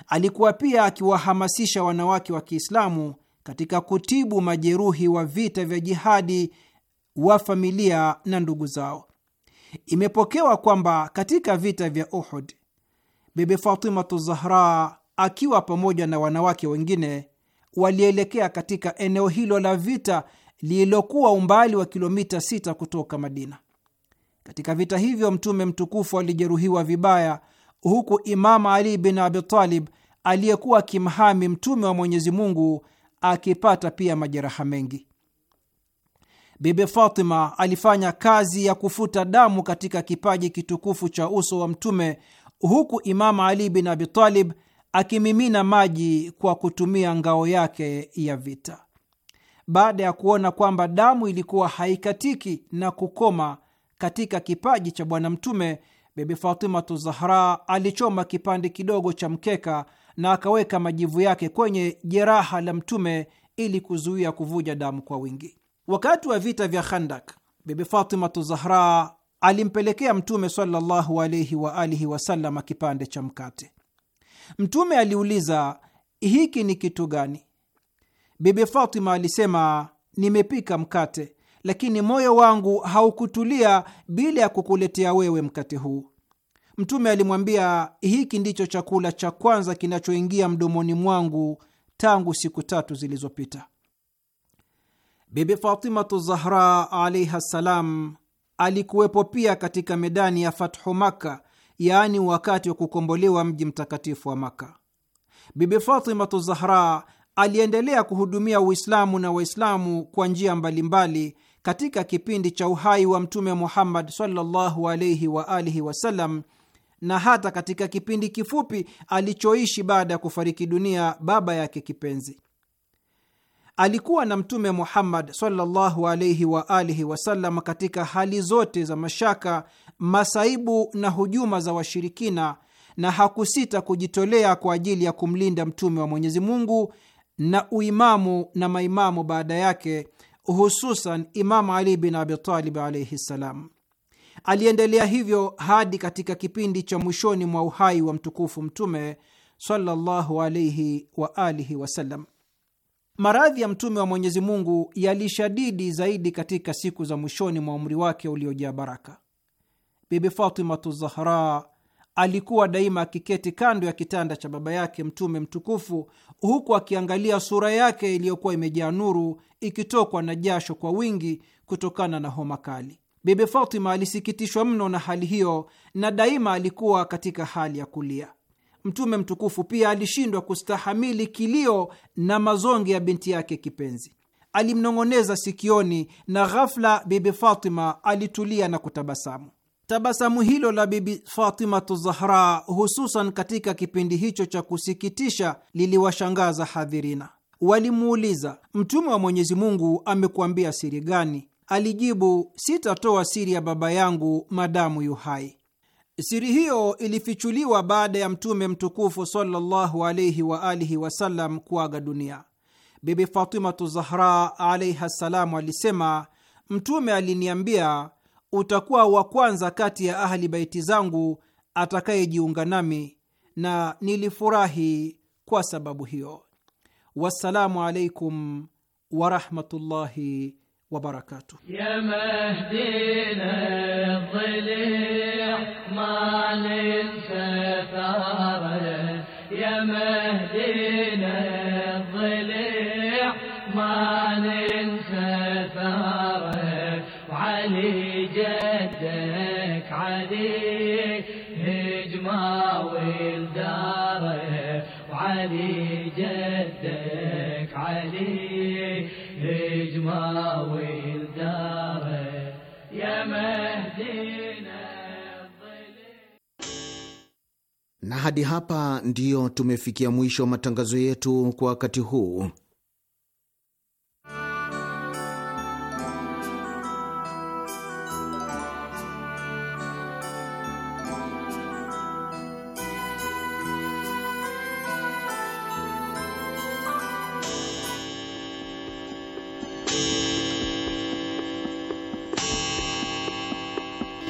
Alikuwa pia akiwahamasisha wanawake wa Kiislamu katika kutibu majeruhi wa vita vya jihadi wa familia na ndugu zao. Imepokewa kwamba katika vita vya Uhud, Bibi Fatimatu Zahra akiwa pamoja na wanawake wengine walielekea katika eneo hilo la vita lililokuwa umbali wa kilomita sita kutoka Madina. Katika vita hivyo Mtume mtukufu alijeruhiwa vibaya, huku Imama Ali bin Abitalib aliyekuwa akimhami Mtume wa Mwenyezi Mungu akipata pia majeraha mengi. Bibi Fatima alifanya kazi ya kufuta damu katika kipaji kitukufu cha uso wa Mtume, huku imamu Ali bin Abitalib akimimina maji kwa kutumia ngao yake ya vita. Baada ya kuona kwamba damu ilikuwa haikatiki na kukoma katika kipaji cha Bwana Mtume, Bibi Fatimatu Zahra alichoma kipande kidogo cha mkeka na akaweka majivu yake kwenye jeraha la Mtume ili kuzuia kuvuja damu kwa wingi. Wakati wa vita vya Khandak, Bibi Fatimatu Zahra alimpelekea Mtume sallallahu alaihi wa alihi wasallam kipande cha mkate. Mtume aliuliza, hiki ni kitu gani? Bibi Fatima alisema, nimepika mkate, lakini moyo wangu haukutulia bila ya kukuletea wewe mkate huu. Mtume alimwambia, hiki ndicho chakula cha kwanza kinachoingia mdomoni mwangu tangu siku tatu zilizopita. Bibi Fatimatu Zahra alaiha ssalam alikuwepo pia katika medani ya Fathu Makka, yaani wakati wa kukombolewa mji mtakatifu wa Makka. Bibi Fatimatu Zahra aliendelea kuhudumia Uislamu na Waislamu kwa njia mbalimbali katika kipindi cha uhai wa Mtume Muhammad sallallahu alaihi wa alihi wasallam na hata katika kipindi kifupi alichoishi baada ya kufariki dunia baba yake kipenzi alikuwa na Mtume Muhammad sallallahu alaihi wa alihi wasallam katika hali zote za mashaka, masaibu na hujuma za washirikina, na hakusita kujitolea kwa ajili ya kumlinda mtume wa Mwenyezi Mungu na uimamu na maimamu baada yake, hususan Imamu Ali bin Abitalib alaihi ssalam. Aliendelea hivyo hadi katika kipindi cha mwishoni mwa uhai wa mtukufu Mtume sallallahu alaihi wa alihi wasallam. Maradhi ya mtume wa Mwenyezi Mungu yalishadidi zaidi katika siku za mwishoni mwa umri wake uliojaa baraka. Bibi Fatimatu Zahra alikuwa daima akiketi kando ya kitanda cha baba yake mtume mtukufu, huku akiangalia sura yake iliyokuwa imejaa nuru ikitokwa na jasho kwa wingi kutokana na homa kali. Bibi Fatima alisikitishwa mno na hali hiyo, na daima alikuwa katika hali ya kulia. Mtume mtukufu pia alishindwa kustahamili kilio na mazonge ya binti yake kipenzi, alimnong'oneza sikioni, na ghafla Bibi Fatima alitulia na kutabasamu. Tabasamu hilo la Bibi Fatimatu Zahra, hususan katika kipindi hicho cha kusikitisha, liliwashangaza hadhirina. Walimuuliza, Mtume wa Mwenyezi Mungu amekuambia siri gani? Alijibu, sitatoa siri ya baba yangu madamu yuhai. Siri hiyo ilifichuliwa baada ya Mtume mtukufu sallallahu wa alihi wasallam kuaga dunia. Bibi Fatimatu Zahra alaiha ssalamu alisema, Mtume aliniambia, utakuwa wa kwanza kati ya ahli baiti zangu atakayejiunga nami, na nilifurahi kwa sababu hiyo. Wassalamu alaikum warahmatullahi وبركاته يا مهدينا الضليع ما ننسى ثاره يا مهدينا الضليع ما ننسى ثاره وعلي جدك علي هجمه ولداره وعلي جدك na hadi hapa ndiyo tumefikia mwisho wa matangazo yetu kwa wakati huu.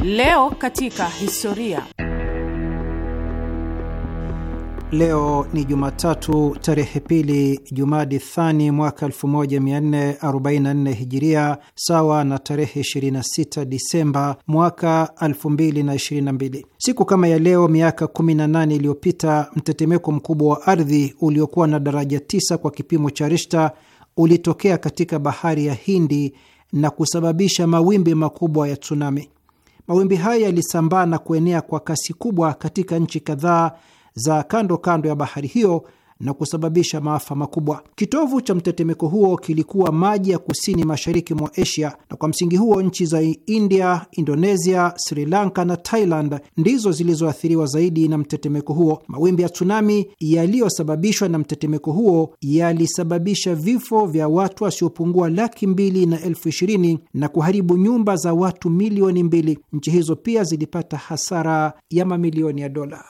Leo katika historia. Leo ni Jumatatu, tarehe pili Jumadi Thani mwaka 1444 Hijiria, sawa na tarehe 26 Disemba mwaka 2022. Siku kama ya leo miaka 18 iliyopita, mtetemeko mkubwa wa ardhi uliokuwa na daraja 9 kwa kipimo cha Rishta ulitokea katika bahari ya Hindi na kusababisha mawimbi makubwa ya tsunami. Mawimbi haya yalisambaa na kuenea kwa kasi kubwa katika nchi kadhaa za kando kando ya bahari hiyo na kusababisha maafa makubwa. Kitovu cha mtetemeko huo kilikuwa maji ya kusini mashariki mwa Asia, na kwa msingi huo nchi za India, Indonesia, Sri Lanka na Thailand ndizo zilizoathiriwa zaidi na mtetemeko huo. Mawimbi ya tsunami yaliyosababishwa na mtetemeko huo yalisababisha vifo vya watu wasiopungua laki mbili na elfu ishirini na kuharibu nyumba za watu milioni mbili. Nchi hizo pia zilipata hasara ya mamilioni ya dola.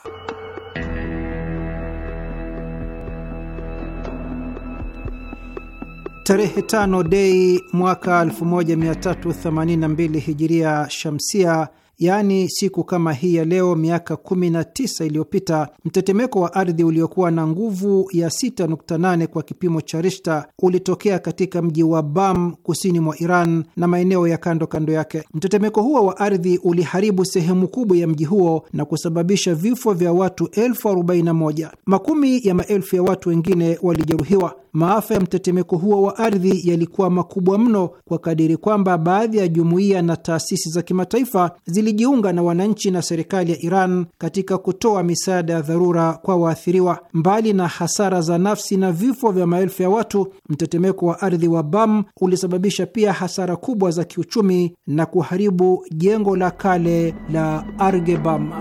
Tarehe tano Dei mwaka 1382 hijiria shamsia, yaani siku kama hii ya leo miaka 19 iliyopita, mtetemeko wa ardhi uliokuwa na nguvu ya 6.8 kwa kipimo cha Rishta ulitokea katika mji wa Bam kusini mwa Iran na maeneo ya kando kando yake. Mtetemeko huo wa ardhi uliharibu sehemu kubwa ya mji huo na kusababisha vifo vya watu elfu Makumi ya maelfu ya watu wengine walijeruhiwa maafa ya mtetemeko huo wa ardhi yalikuwa makubwa mno kwa kadiri kwamba baadhi ya jumuiya na taasisi za kimataifa zilijiunga na wananchi na serikali ya Iran katika kutoa misaada ya dharura kwa waathiriwa. Mbali na hasara za nafsi na vifo vya maelfu ya watu, mtetemeko wa ardhi wa Bam ulisababisha pia hasara kubwa za kiuchumi na kuharibu jengo la kale la Argebam.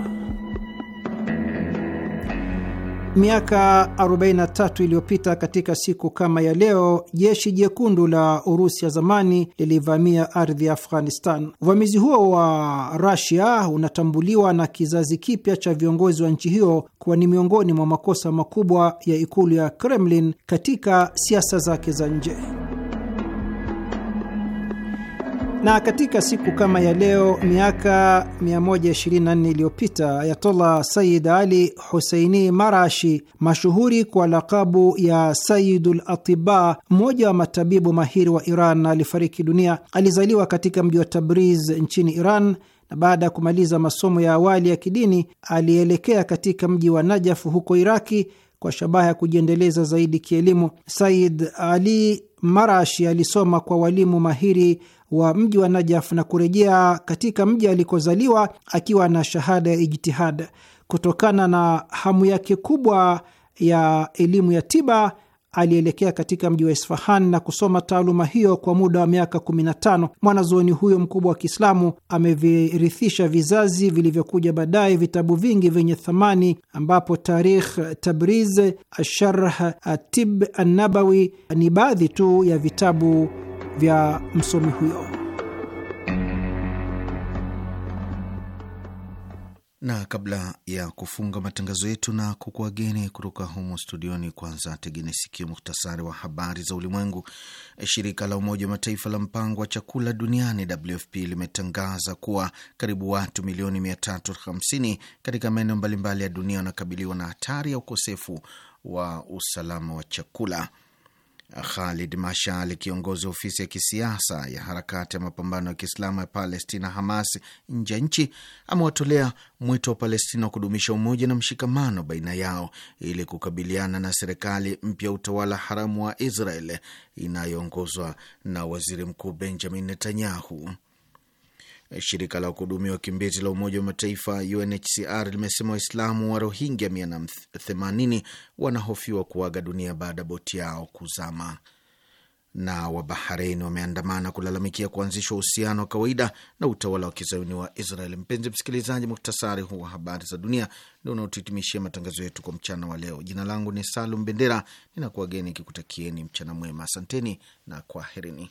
Miaka 43 iliyopita katika siku kama ya leo, jeshi jekundu la Urusi ya zamani lilivamia ardhi ya Afghanistan. Uvamizi huo wa Rasia unatambuliwa na kizazi kipya cha viongozi wa nchi hiyo kuwa ni miongoni mwa makosa makubwa ya ikulu ya Kremlin katika siasa zake za nje. Na katika siku kama ya leo miaka 124 iliyopita Ayatollah Sayid Ali Huseini Marashi, mashuhuri kwa lakabu ya Sayidul Atiba, mmoja wa matabibu mahiri wa Iran, alifariki dunia. Alizaliwa katika mji wa Tabriz nchini Iran, na baada ya kumaliza masomo ya awali ya kidini alielekea katika mji wa Najafu huko Iraki kwa shabaha ya kujiendeleza zaidi kielimu. Said Ali Marashi alisoma kwa walimu mahiri wa mji wa Najaf na kurejea katika mji alikozaliwa akiwa na shahada ya ijtihad. Kutokana na hamu yake kubwa ya elimu ya tiba, alielekea katika mji wa Isfahan na kusoma taaluma hiyo kwa muda wa miaka 15. Mwanazuoni huyo mkubwa wa Kiislamu amevirithisha vizazi vilivyokuja baadaye vitabu vingi vyenye thamani, ambapo Tarikh Tabriz, Asharh Atib Annabawi ni baadhi tu ya vitabu vya msomi huyo. Na kabla ya kufunga matangazo yetu na kukuageni kutoka humo studioni, kwanza tegene sikio muhtasari wa habari za ulimwengu. Shirika la Umoja wa Mataifa la Mpango wa Chakula Duniani, WFP, limetangaza kuwa karibu watu milioni 350 katika maeneo mbalimbali ya dunia wanakabiliwa na hatari ya ukosefu wa usalama wa chakula. Khalid Mashal, kiongozi wa ofisi ya kisiasa ya harakati ya mapambano ya Kiislamu ya Palestina, Hamas, nje ya nchi, amewatolea mwito wa Palestina wa kudumisha umoja na mshikamano baina yao ili kukabiliana na serikali mpya utawala haramu wa Israel inayoongozwa na waziri mkuu Benjamin Netanyahu. Eh, shirika la kuhudumia wakimbizi la Umoja wa Mataifa UNHCR limesema Waislamu wa Rohingya 180 wanahofiwa kuaga dunia baada ya boti yao kuzama. Na Wabahareini wameandamana kulalamikia kuanzishwa uhusiano wa kawaida na utawala wa kizayuni wa Israel. Mpenzi msikilizaji, muktasari huu wa habari za dunia ndio unaotuhitimishia matangazo yetu kwa mchana wa leo. Jina langu ni Salum Bendera, ninakuwageni kikutakieni mchana mwema. Asanteni na kwaherini.